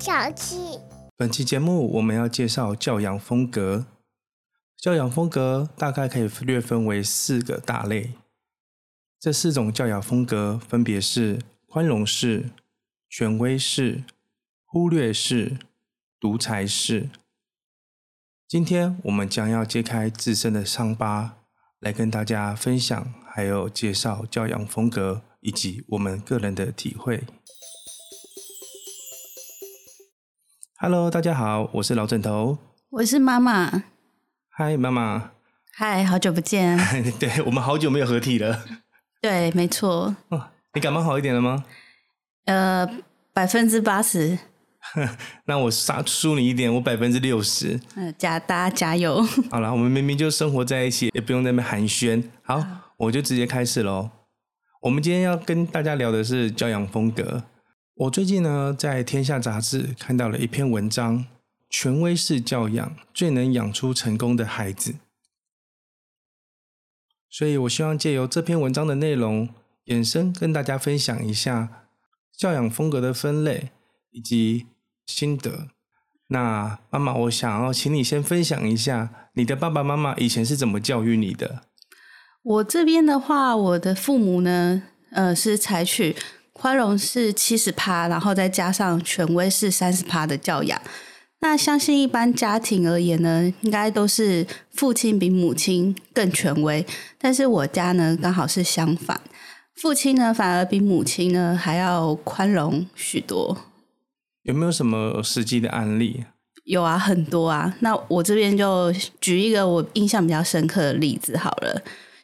小七，本期節目我們要介紹教養風格。教養風格大概可以略分為四個大類，這四種教養風格分別是寬容式、權威式、忽略式、獨裁式。今天我們將要揭開自身的傷疤，來跟大家分享，還有介紹教養風格以及我們個人的體會。Hello，大家好，我是老枕頭，我是媽媽，嗨，媽媽，嗨，好久不見， 對，我們好久沒有合體了，對，沒錯。哦，你感冒好一點了嗎？呃，百分之八十， 那我殺輸你一點，我百分之六十，嗯、呃，加大加油， 好啦，我們明明就生活在一起，也不用在那邊寒暄，好，啊、我就直接開始嘍。我們今天要跟大家聊的是教養風格。我最近呢，在《天下》雜誌看到了一篇文章，《權威式教養最能養出成功的孩子》。所以，我希望借由這篇文章的內容，延伸跟大家分享一下教養風格的分類以及心得。那媽媽，我想要請你先分享一下你的爸爸媽媽以前是怎麼教育你的。我這邊的話，我的父母呢，呃，是採取，寬容是七十趴，然後再加上權威是三十趴的教養。那相信一般家庭而言呢，應該都是父親比母親更權威。但是我家呢，剛好是相反，父親呢反而比母親呢還要寬容許多。有沒有什麼實際的案例？有啊，很多啊。那我這邊就舉一個我印象比較深刻的例子好了。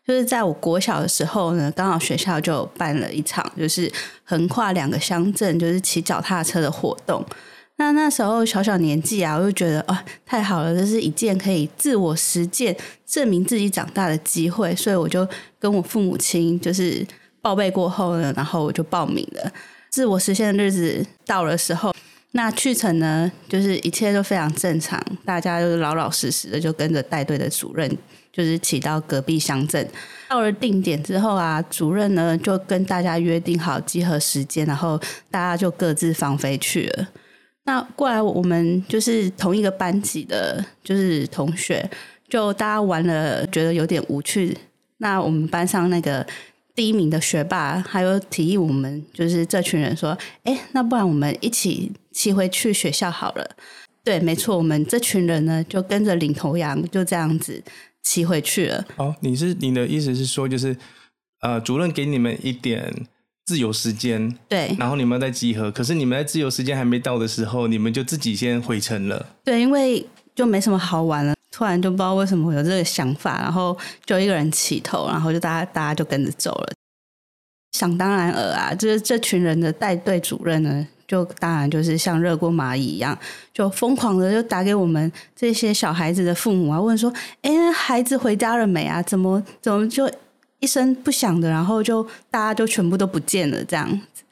就是在我國小的時候呢，剛好學校就辦了一場就，就是橫跨兩個鄉鎮，就是騎腳踏車的活動。那那時候小小年紀啊，我就覺得啊，太好了，這是一件可以自我實踐、證明自己長大的機會。所以我就跟我父母親就是報備過後呢，然後我就報名了。自我實現的日子到了時候，那去程呢，就是一切都非常正常，大家就是老老實實的就跟着帶隊的主任，就是騎到隔壁鄉鎮，到了定點之後啊，主任呢就跟大家約定好集合時間，然後大家就各自放飛去了。那過來我們就是同一個班級的，就是同學，就大家玩了覺得有點無趣。那我們班上那個第一名的學霸，還有提議我們就是這群人說：“誒、欸，那不然我們一起騎回去學校好了。”對，沒錯，我們這群人呢就跟着領頭羊，就這樣子。騎回去了。哦，你是你的意思是說，就是呃，主任給你們一點自由時間，對，然後你們要再集合，可是你們在自由時間還沒到的時候，你們就自己先回城了。對，因為就沒什麼好玩了，突然就不知道為什麼會有這個想法，然後就一個人起頭，然後就大家大家就跟着走了。想當然耳啊，就是這群人的帶隊主任呢。就當然就是像熱鍋螞蟻一樣，就瘋狂的就打給我們這些小孩子的父母啊，問說：“哎、欸，孩子回家了沒啊？怎麼怎麼就一聲不響的，然後就大家就全部都不見了這樣子？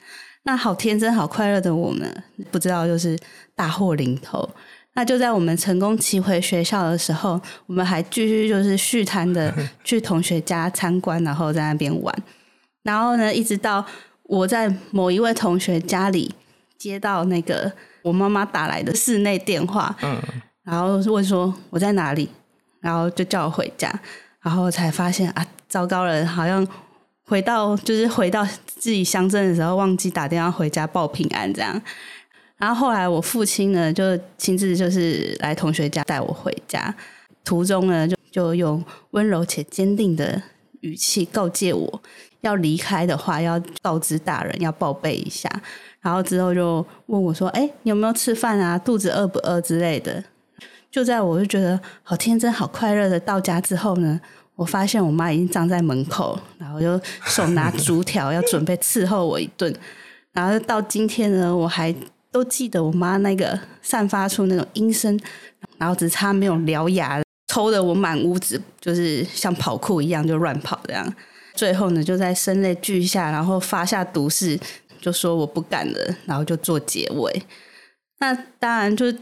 那好天真、好快樂的我們，不知道就是大禍臨頭。那就在我們成功騎回學校的時候，我們還繼續就是續攤的去同學家參觀，然後在那邊玩。然後呢，一直到我在某一位同學家裡。接到那個我媽媽打來的室內電話，嗯，然後問說我在哪裡，然後就叫我回家，然後才發現啊，糟糕了，好像回到就是回到自己鄉鎮的時候，忘記打電話回家報平安這樣。然後後來我父親呢，就親自就是來同學家帶我回家，途中呢就就用溫柔且堅定的語氣告誡我，要離開的話，要告知大人，要報備一下。然後之後就問我說：“哎、欸，你有沒有吃飯啊？肚子餓不餓之類的？”就在我就覺得好天真、好快樂的到家之後呢，我發現我媽已經站在門口，然後就手拿竹條要準備伺候我一頓。 然後到今天呢，我還都記得我媽那個散發出那種陰聲，然後只差沒有獠牙，抽得我滿屋子就是像跑酷一樣就亂跑這樣。最後呢，就在聲淚俱下，然後發下毒誓，就說我不敢了，然後就做結尾。那當然，就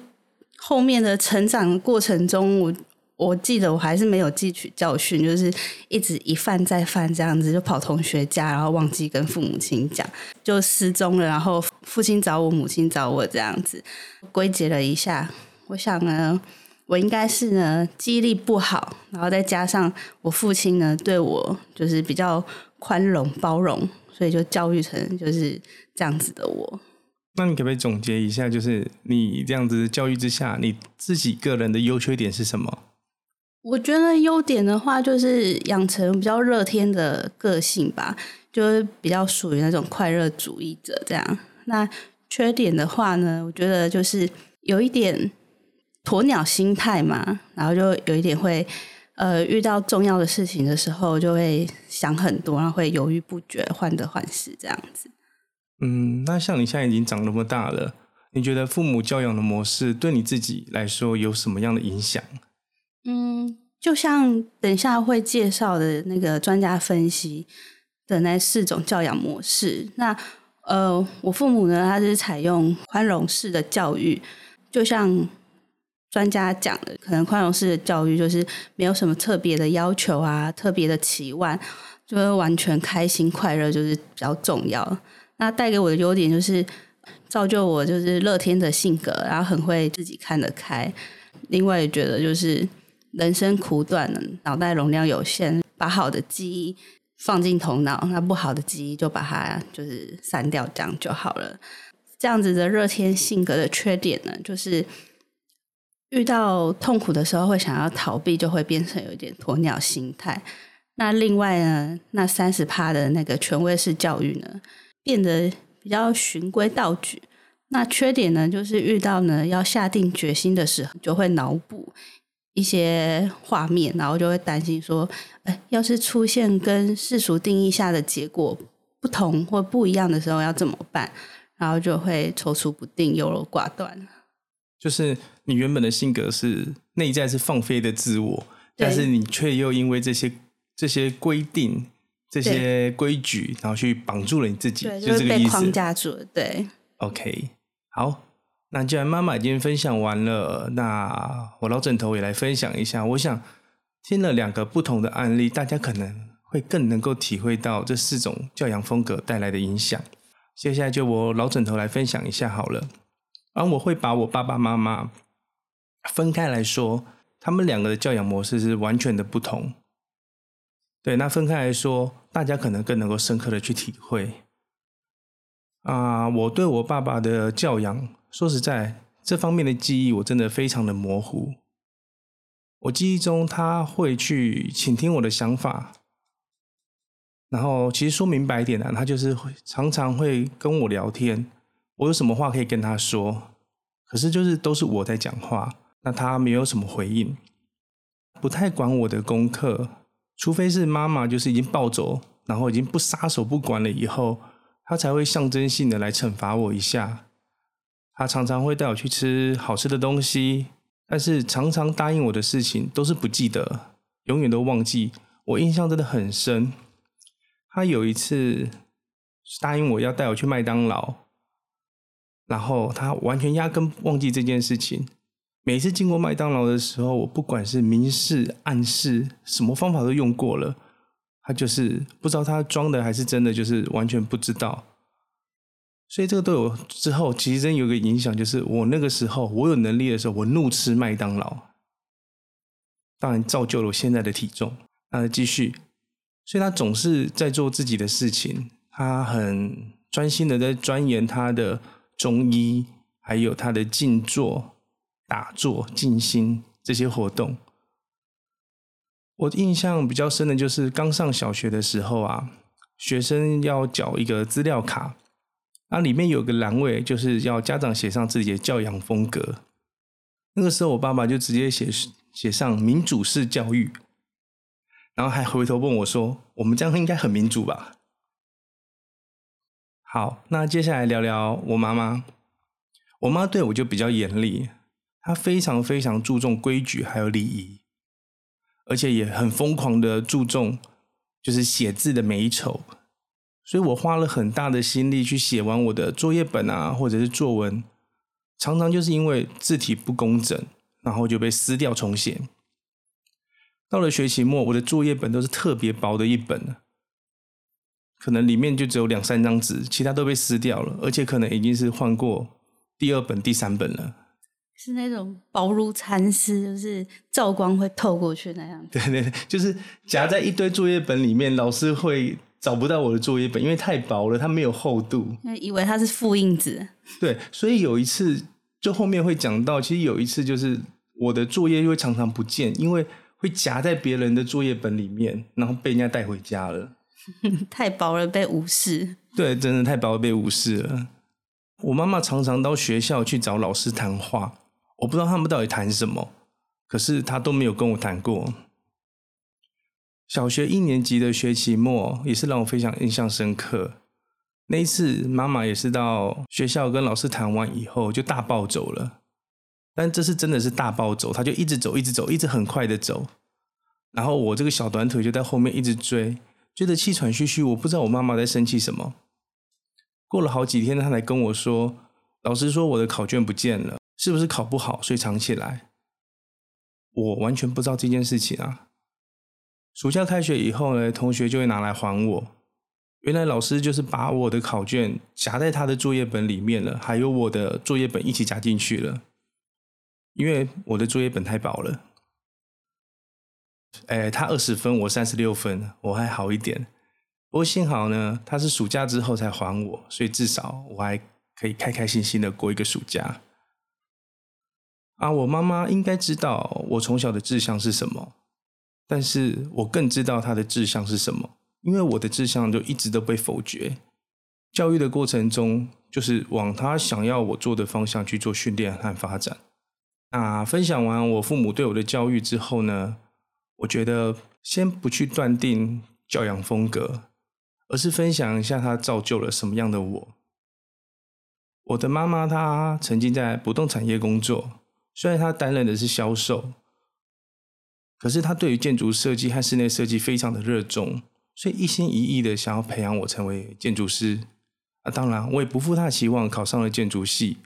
後面的成長過程中，我我記得我還是沒有汲取教訓，就是一直一犯再犯這樣子，就跑同學家，然後忘記跟父母親講，就失蹤了。然後父親找我，母親找我，這樣子歸結了一下，我想呢。我應該是呢，記憶力不好，然後再加上我父親呢，對我就是比較寬容包容，所以就教育成就是這樣子的我。那你可不可以總結一下，就是你這樣子教育之下，你自己個人的優缺點是什麼？我覺得優點的話，就是養成比較樂天的個性吧，就是比較屬於那種快樂主義者這樣。那缺點的話呢，我覺得就是有一點。鴕鳥心態嘛，然後就有一點會，呃，遇到重要的事情的時候就會想很多，然後會猶豫不決、患得患失這樣子。嗯，那像你現在已經長那麼大了，你覺得父母教養的模式對你自己來說有什麼樣的影響？嗯，就像等一下會介紹的那個專家分析的那四種教養模式，那呃，我父母呢，他是採用寬容式的教育，就像。專家講的可能寬容式的教育就是沒有什麼特別的要求啊，特別的期望，就是完全開心快樂就是比較重要。那帶給我的優點就是造就我就是樂天的性格，然後很會自己看得開。另外覺得就是人生苦短，腦袋容量有限，把好的記憶放進頭腦，那不好的記憶就把它就是刪掉，這樣就好了。這樣子的熱天性格的缺點呢，就是。遇到痛苦的時候會想要逃避，就會變成有一點鴕鳥心態。那另外呢，那三十趴的那個權威式教育呢，變得比較循規蹈矩。那缺點呢，就是遇到呢要下定決心的時候，就會腦補一些畫面，然後就會擔心說，哎，要是出現跟世俗定義下的結果不同或不一樣的時候要怎麼辦？然後就會躊躇不定、優柔寡斷。就是你原本的性格是內在是放飛的自我，對但是你卻又因為這些這些規定、這些規矩，對然後去綁住了你自己，對就這個意思。就是被框架住了，對。OK，好，那既然媽媽已經分享完了，那我老枕頭也來分享一下。我想聽了兩個不同的案例，大家可能會更能夠體會到這四種教養風格帶來的影響。接下來就我老枕頭來分享一下好了。而、啊、我會把我爸爸媽媽分開來說，他們兩個的教養模式是完全的不同。對，那分開來說，大家可能更能夠深刻的去體會。啊，我對我爸爸的教養，說實在，這方面的記憶我真的非常的模糊。我記憶中他會去傾聽我的想法，然後其實說明白一點呢、啊，他就是會常常會跟我聊天。我有什麼話可以跟他說？可是就是都是我在講話，那他沒有什麼回應，不太管我的功課，除非是媽媽就是已經暴走，然後已經不撒手不管了以後，他才會象徵性的來懲罰我一下。他常常會帶我去吃好吃的東西，但是常常答應我的事情都是不記得，永遠都忘記。我印象真的很深。他有一次答應我要帶我去麥當勞。然後他完全壓根忘記這件事情。每次經過麥當勞的時候，我不管是明示暗示，什麼方法都用過了，他就是不知道他裝的還是真的，就是完全不知道。所以這個對我之後其實真有一個影響，就是我那個時候我有能力的時候，我怒吃麥當勞，當然造就了我現在的體重。那繼續，所以他總是在做自己的事情，他很專心的在鑽研他的。中醫，還有他的靜坐、打坐、靜心這些活動，我印象比較深的就是剛上小學的時候啊，學生要繳一個資料卡，那、啊、裡面有個欄位就是要家長寫上自己的教養風格。那個時候，我爸爸就直接寫寫上民主式教育，然後還回頭問我說：“我們這樣應該很民主吧？”好，那接下來聊聊我媽媽。我媽對我就比較嚴厲，她非常非常注重規矩還有禮儀，而且也很瘋狂的注重就是寫字的美醜。所以我花了很大的心力去寫完我的作業本啊，或者是作文，常常就是因為字體不工整，然後就被撕掉重寫。到了學期末，我的作業本都是特別薄的一本。可能裡面就只有兩三張紙，其他都被撕掉了，而且可能已經是換過第二本、第三本了。是那種薄如蠶絲，就是照光會透過去那樣子。對對對，就是夾在一堆作業本裡面，老師會找不到我的作業本，因為太薄了，它沒有厚度。因為以為它是複印紙。對，所以有一次，就後面會講到，其實有一次就是我的作業又會常常不見，因為會夾在別人的作業本裡面，然後被人家帶回家了。太薄了，被無視。對，真的太薄了，被無視了。我媽媽常常到學校去找老師談話，我不知道他們到底談什麼，可是她都沒有跟我談過。小學一年級的學期末，也是讓我非常印象深刻。那一次，媽媽也是到學校跟老師談完以後，就大暴走了。但這次真的是大暴走，她就一直走，一直走，一直很快的走，然後我這個小短腿就在後面一直追。覺得氣喘籲籲，我不知道我媽媽在生氣什麼。過了好幾天，她才跟我說：“老師說我的考卷不見了，是不是考不好所以藏起來？”我完全不知道這件事情啊。暑假開學以後呢，同學就會拿來還我。原來老師就是把我的考卷夾在他的作業本裡面了，還有我的作業本一起夾進去了，因為我的作業本太薄了。哎，他二十分，我三十六分，我還好一點。不過幸好呢，他是暑假之後才還我，所以至少我還可以開開心心的過一個暑假。啊，我媽媽應該知道我從小的志向是什麼，但是我更知道她的志向是什麼，因為我的志向就一直都被否決。教育的過程中，就是往他想要我做的方向去做訓練和發展。那，啊，分享完我父母對我的教育之後呢，我覺得先不去斷定教養風格，而是分享一下他造就了什麼樣的我。我的媽媽她曾經在不動產業工作，雖然她擔任的是銷售，可是她對於建築設計和室內設計非常的熱衷，所以一心一意的想要培養我成為建築師。啊，當然我也不負她的期望，考上了建築系。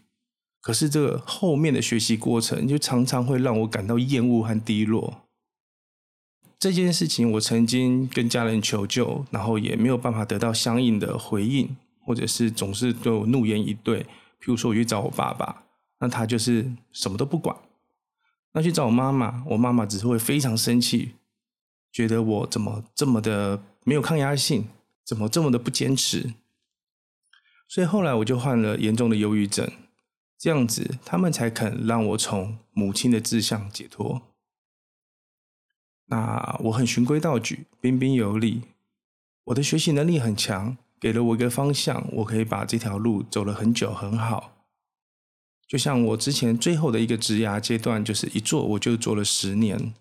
可是這個後面的學習過程，就常常會讓我感到厭惡和低落。這件事情，我曾經跟家人求救，然後也沒有辦法得到相應的回應，或者是總是對我怒言以對。譬如說我去找我爸爸，那他就是什麼都不管；那去找我媽媽，我媽媽只是會非常生氣，覺得我怎麼這麼的沒有抗壓性，怎麼這麼的不堅持。所以後來我就患了嚴重的憂鬱症，這樣子他們才肯讓我從母親的志向解脫。那我很循規蹈矩，彬彬有禮。我的學習能力很強，給了我一個方向，我可以把這條路走了很久，很好。就像我之前最後的一個職涯階段，就是一做我就做了十年。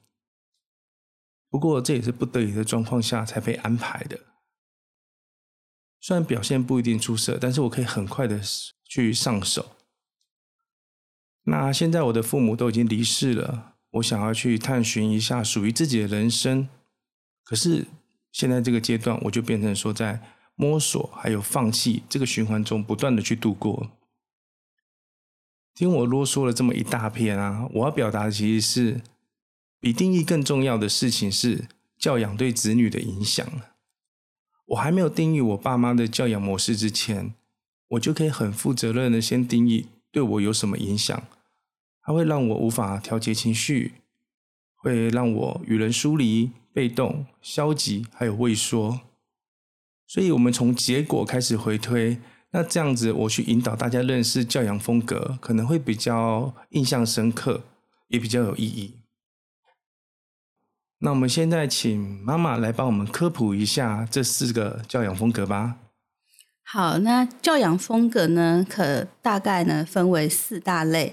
不過這也是不得已的狀況下才被安排的。雖然表現不一定出色，但是我可以很快的去上手。那現在我的父母都已經離世了。我想要去探尋一下屬於自己的人生，可是現在這個階段，我就變成說在摸索還有放棄這個循環中不斷的去度過。聽我囉嗦了這麼一大片啊，我要表達的其實是，比定義更重要的事情是教養對子女的影響。我還沒有定義我爸媽的教養模式之前，我就可以很負責任的先定義對我有什麼影響。它會讓我無法調節情緒，會讓我與人疏離、被動、消極，還有畏縮。所以，我們從結果開始回推，那這樣子，我去引導大家認識教養風格，可能會比較印象深刻，也比較有意義。那我們現在請媽媽來幫我們科普一下這四個教養風格吧。好，那教養風格呢，可大概呢分為四大類。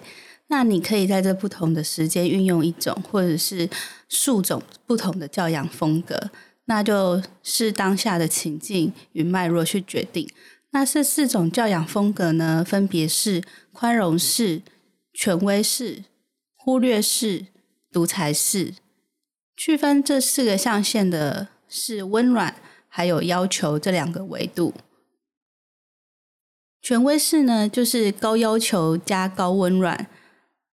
那你可以在這不同的時間運用一種或者是數種不同的教養風格，那就是當下的情境與脈絡去決定。那這四種教養風格呢，分別是寬容式、權威式、忽略式、獨裁式。區分這四個象限的是溫暖還有要求這兩個維度。權威式呢，就是高要求加高溫暖。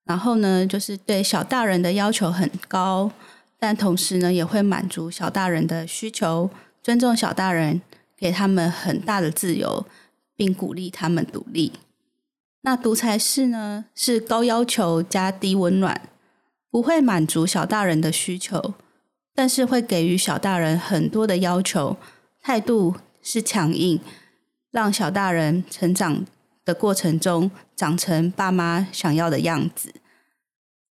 然後呢，就是對小大人的要求很高，但同時呢，也會滿足小大人的需求，尊重小大人，給他們很大的自由，並鼓勵他們獨立。那獨裁式呢，是高要求加低溫暖，不會滿足小大人的需求，但是會給予小大人很多的要求，態度是強硬，讓小大人成長的過程中。長成爸媽想要的樣子。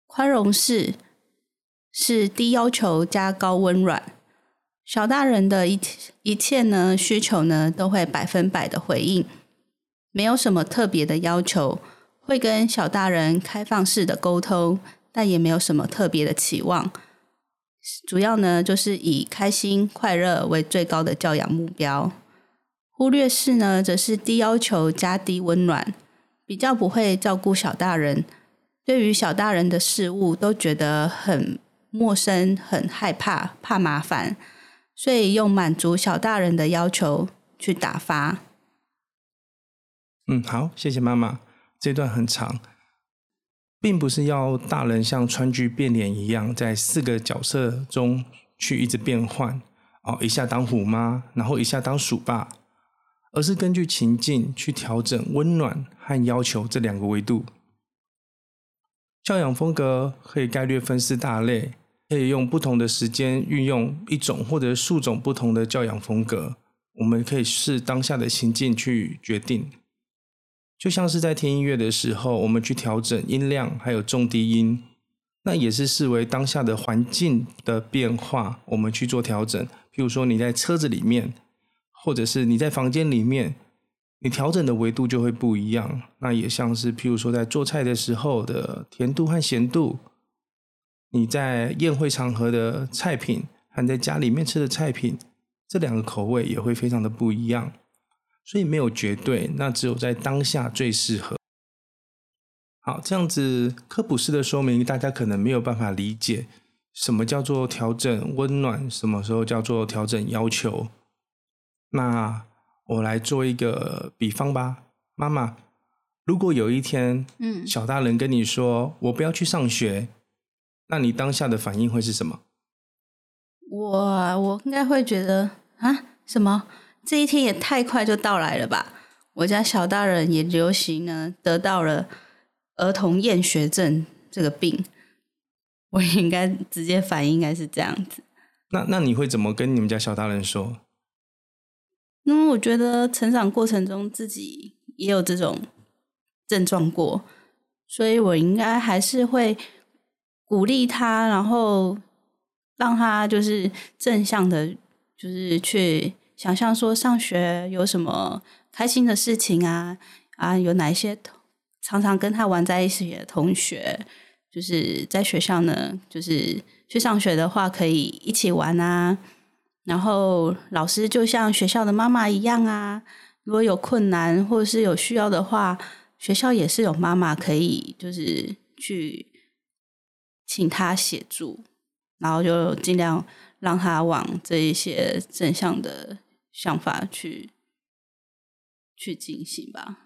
寬容式是低要求加高溫暖，小大人的一一切呢需求呢都會百分百的回應，沒有什麼特別的要求，會跟小大人開放式的溝通，但也沒有什麼特別的期望，主要呢就是以開心快樂為最高的教養目標，忽略式呢則是低要求加低溫暖，比較不會照顧小大人，對於小大人的事物都覺得很陌生、很害怕、怕麻煩，所以用滿足小大人的要求去打發。嗯，好，謝謝媽媽。這段很長，並不是要大人像川劇變臉一樣，在四個角色中去一直變換，哦，一下當虎媽，然後一下當貓爸。而是根據情境去調整溫暖和要求這兩個維度。教養風格可以概略分四大類，可以用不同的時間運用一種或者數種不同的教養風格。我們可以視當下的情境去決定，就像是在聽音樂的時候，我們去調整音量還有重低音，那也是視為當下的環境的變化，我們去做調整。譬如說你在車子裡面。或者是你在房間裡面，你調整的維度就會不一樣。那也像是，譬如說在做菜的時候的甜度和鹹度，你在宴會場合的菜品和在家裡面吃的菜品，這兩個口味也會非常的不一樣。所以沒有絕對，那只有在當下最適合。好，這樣子科普式的說明，大家可能沒有辦法理解什麼叫做調整溫暖，什麼時候叫做調整要求。那我來做一個比方吧，媽媽，如果有一天，嗯，小大人跟你說、嗯、我不要去上學，那你當下的反應會是什麼？我我應該會覺得啊，什麼這一天也太快就到來了吧？我家小大人也流行呢，得到了兒童厭學症這個病，我應該直接反應應該是這樣子。那那你會怎麼跟你們家小大人說？那麼、嗯、我覺得成長過程中自己也有這種症狀過，所以我應該還是會鼓勵他，然後讓他就是正向的，就是去想象說上學有什麼開心的事情啊啊，有哪一些常常跟他玩在一起的同學，就是在學校呢，就是去上學的話可以一起玩啊。然後老師就像學校的媽媽一樣啊，如果有困難或者是有需要的話，學校也是有媽媽可以就是去請他協助，然後就盡量讓他往這一些正向的想法去去進行吧。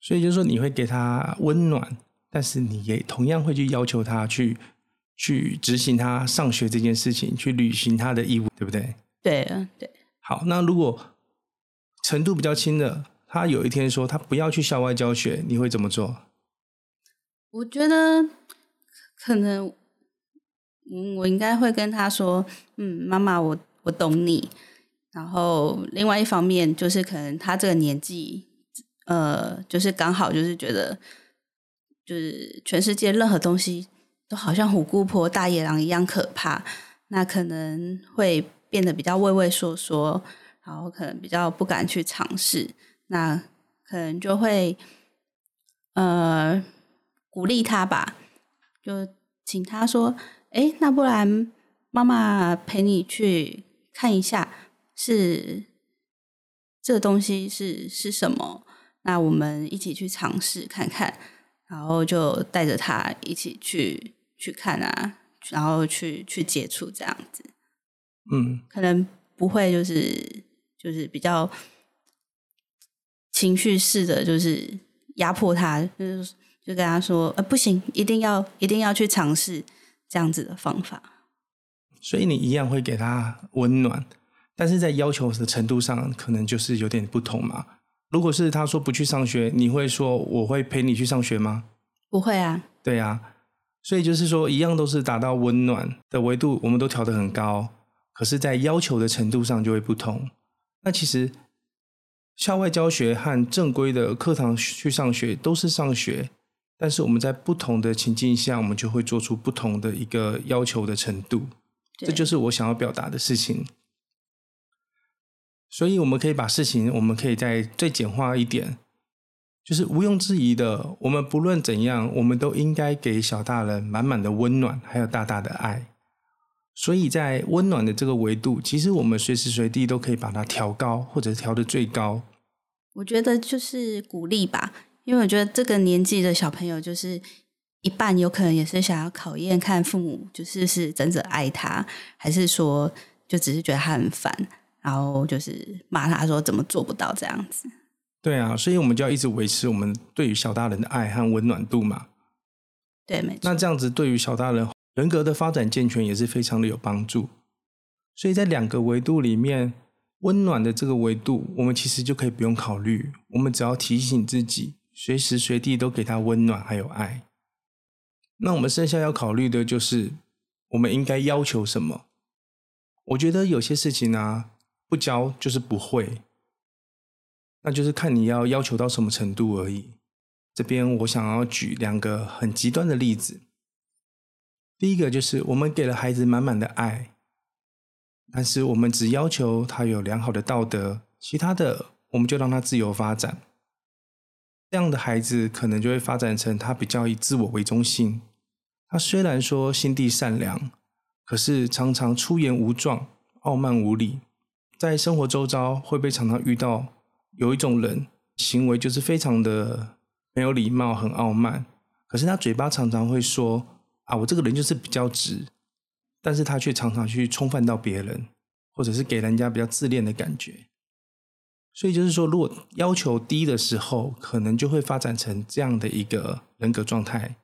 所以就是說，你會給他溫暖，但是你也同樣會去要求他去。去執行他上學這件事情，去履行他的義務，對不對？對，對。好，那如果程度比較輕的，他有一天說他不要去校外教學，你會怎麼做？我覺得可能，嗯，我應該會跟他說，嗯，媽媽我，我我懂你。然後，另外一方面就是，可能他這個年紀，呃，就是剛好就是覺得，就是全世界任何東西。就好像虎姑婆、大野狼一樣可怕，那可能會變得比較畏畏縮縮，然後可能比較不敢去嘗試，那可能就會呃鼓勵他吧，就請他說：“誒，那不然媽媽陪你去看一下是，是這個東西是是什麼？那我們一起去嘗試看看。”然後就帶着他一起去。去看啊，然後去去接觸這樣子，嗯，可能不會就是就是比較情緒式的，就是壓迫他，就是就跟他說，呃、欸，不行，一定要一定要去嘗試這樣子的方法。所以你一樣會給他溫暖，但是在要求的程度上，可能就是有點不同嘛。如果是他說不去上學，你會說我會陪你去上學嗎？不會啊，對啊。所以就是說，一樣都是達到溫暖的維度，我們都調得很高，可是，在要求的程度上就會不同。那其實校外教學和正規的課堂去上學都是上學，但是我們在不同的情境下，我們就會做出不同的一個要求的程度。對這就是我想要表達的事情。所以我們可以把事情，我們可以再再簡化一點。就是毋庸置疑的，我們不論怎樣，我們都應該給小大人滿滿的溫暖，還有大大的愛。所以在溫暖的這個維度，其實我們隨時隨地都可以把它調高，或者調得最高。我覺得就是鼓勵吧，因為我覺得這個年紀的小朋友，就是一半有可能也是想要考驗看父母，就是是真的愛他，還是說就只是覺得他很煩，然後就是罵他說怎麼做不到這樣子。對啊，所以我們就要一直維持我們對於小大人的愛和溫暖度嘛。對，沒錯。那這樣子對於小大人人格的發展健全也是非常的有幫助。所以在兩個維度裡面，溫暖的這個維度，我們其實就可以不用考慮，我們只要提醒自己，隨時隨地都給他溫暖還有愛。那我們剩下要考慮的就是，我們應該要求什麼？我覺得有些事情啊，不教就是不會。那就是看你要要求到什麼程度而已。這邊我想要舉兩個很極端的例子。第一個就是我們給了孩子滿滿的愛，但是我們只要求他有良好的道德，其他的我們就讓他自由發展。這樣的孩子可能就會發展成他比較以自我為中心。他雖然說心地善良，可是常常出言無狀、傲慢無禮，在生活周遭會被常常遇到。有一種人行為就是非常的沒有禮貌、很傲慢，可是他嘴巴常常會說：“啊，我這個人就是比較直。”，但是他卻常常去衝犯到別人，或者是給人家比較自戀的感覺。所以就是說，如果要求低的時候，可能就會發展成這樣的一個人格狀態。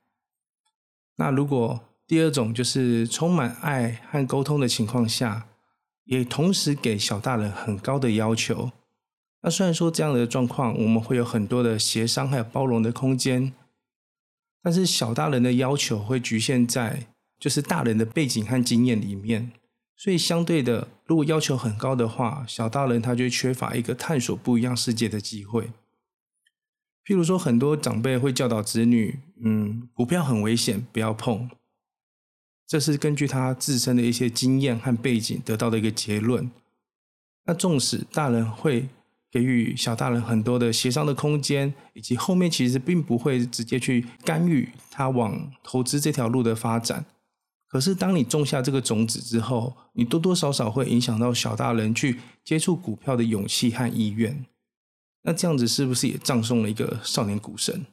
那如果第二種就是充滿愛和溝通的情況下，也同時給小大人很高的要求。那雖然說這樣的狀況，我們會有很多的協商還有包容的空間，但是小大人的要求會侷限在就是大人的背景和經驗裡面，所以相對的，如果要求很高的話，小大人他就缺乏一個探索不一樣世界的機會。譬如說，很多長輩會教導子女，嗯，股票很危險，不要碰，這是根據他自身的一些經驗和背景得到的一個結論。那縱使大人會。給予小大人很多的協商的空間，以及後面其實並不會直接去干預他往投資這條路的發展。可是當你種下這個種子之後，你多多少少會影響到小大人去接觸股票的勇氣和意願。那這樣子是不是也葬送了一個少年股神？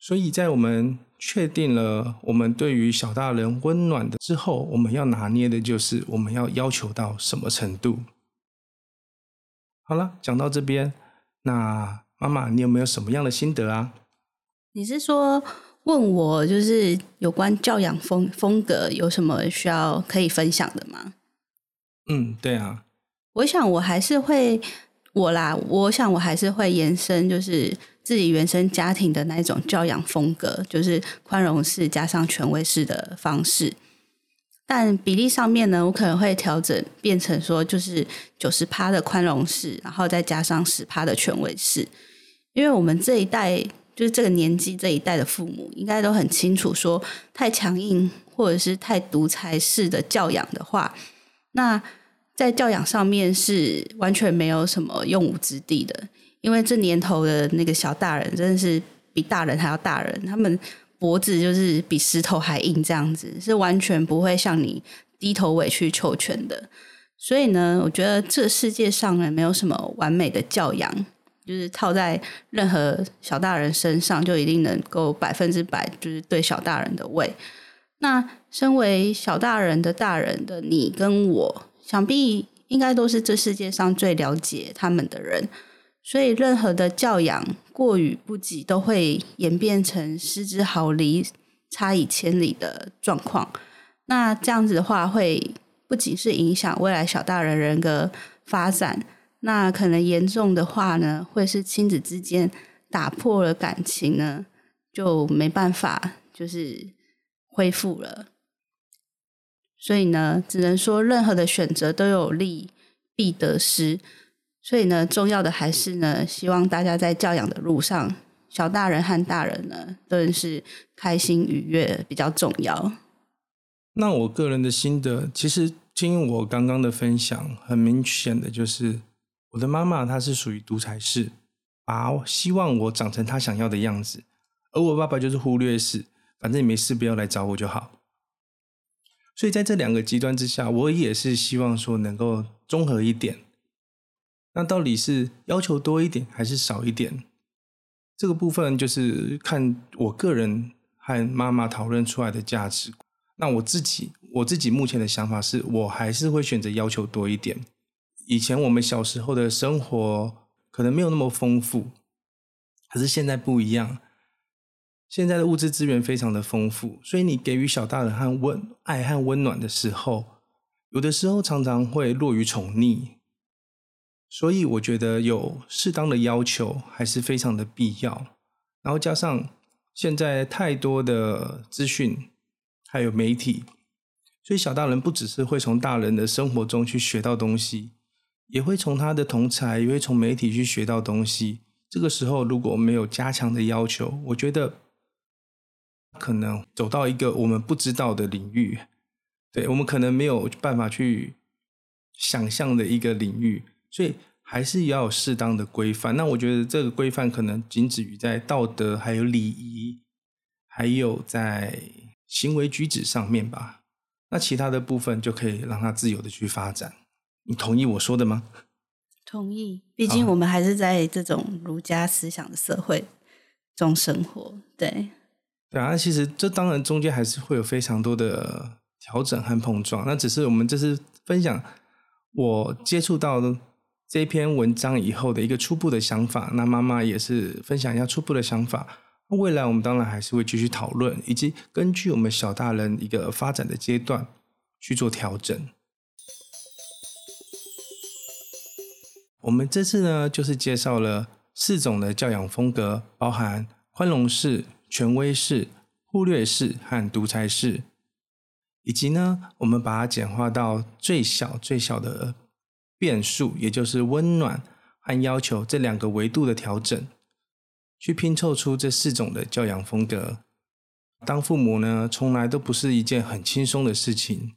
所以在我們確定了我們對於小大人溫暖的之後，我們要拿捏的就是我們要要求到什麼程度。好了，講到這邊，那媽媽，你有沒有什麼樣的心得啊？你是說，問我就是有關教養風風格有什麼需要可以分享的嗎？嗯，對啊，我想我還是會，我啦，我想我還是會延伸，就是自己原生家庭的那一種教養風格，就是寬容式加上權威式的方式。但比例上面呢，我可能會調整，變成說就是九十趴的寬容式，然後再加上十趴的權威式。因為我們這一代，就是這個年紀這一代的父母，應該都很清楚說，說太強硬或者是太獨裁式的教養的話，那在教養上面是完全沒有什麼用武之地的。因為這年頭的那個小大人，真的是比大人還要大人，他們。脖子，就是比石頭還硬。這樣子是完全不會向你低頭委曲求全的。所以呢，我覺得這世界上呢，沒有什麼完美的教養，就是套在任何小大人身上就一定能夠百分之百就是對小大人的胃。那身為小大人的大人的你跟我，想必應該都是這世界上最了解他們的人。所以，任何的教養過與不及，都會演變成失之毫釐、差以千里的狀況。那這樣子的話，會不僅是影響未來小大人人格發展，那可能嚴重的話呢，會是親子之間打破了感情呢，就沒辦法就是恢復了。所以呢，只能說任何的選擇都有利必得失。所以呢，重要的還是呢，希望大家在教養的路上，小大人和大人呢，都是開心愉悅比較重要。那我個人的心得，其實聽我剛剛的分享，很明顯的就是，我的媽媽她是屬於獨裁式，啊，希望我長成她想要的樣子，而我爸爸就是忽略式，反正你沒事不要來找我就好。所以在這兩個極端之下，我也是希望說能夠綜合一點。那到底是要求多一點還是少一點？這個部分就是看我個人和媽媽討論出來的價值。那我自己，我自己目前的想法是，我還是會選擇要求多一點。以前我們小時候的生活可能沒有那麼豐富，可是現在不一樣，現在的物質資源非常的豐富，所以你給予小大人和溫愛和溫暖的時候，有的時候常常會落於寵溺。所以我覺得有適當的要求還是非常的必要，然後加上現在太多的資訊，還有媒體，所以小大人不只是會從大人的生活中去學到東西，也會從他的同儕，也會從媒體去學到東西。這個時候如果沒有加強的要求，我覺得可能走到一個我們不知道的領域，對，我們可能沒有辦法去想象的一個領域。所以還是要有適當的規範。那我覺得這個規範可能僅止於在道德、還有禮儀，還有在行為舉止上面吧。那其他的部分就可以讓他自由的去發展。你同意我說的嗎？同意。畢竟我們還是在這種儒家思想的社會中生活。對、啊。對啊，其實這當然中間還是會有非常多的調整和碰撞。那只是我們這次分享，我接觸到的這篇文章以後的一個初步的想法，那媽媽也是分享一下初步的想法。未來我們當然還是會繼續討論，以及根據我們小大人一個發展的階段去做調整。 我們這次呢，就是介紹了四種的教養風格，包含寬容式、權威式、忽略式和獨裁式，以及呢，我們把它簡化到最小最小的。變數，也就是溫暖和要求這兩個維度的調整，去拼湊出這四種的教養風格。當父母呢，從來都不是一件很輕鬆的事情，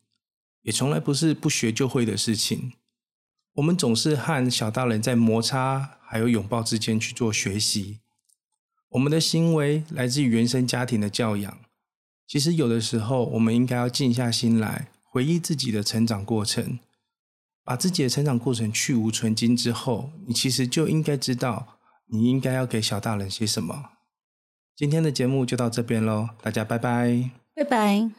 也從來不是不學就會的事情。我們總是和小大人在摩擦還有擁抱之間去做學習。我們的行為來自於原生家庭的教養。其實有的時候，我們應該要靜下心來回憶自己的成長過程。把自己的成長過程去蕪存菁之後，你其實就應該知道，你應該要給小大人些什麼。今天的節目就到這邊嘍，大家拜拜，拜拜。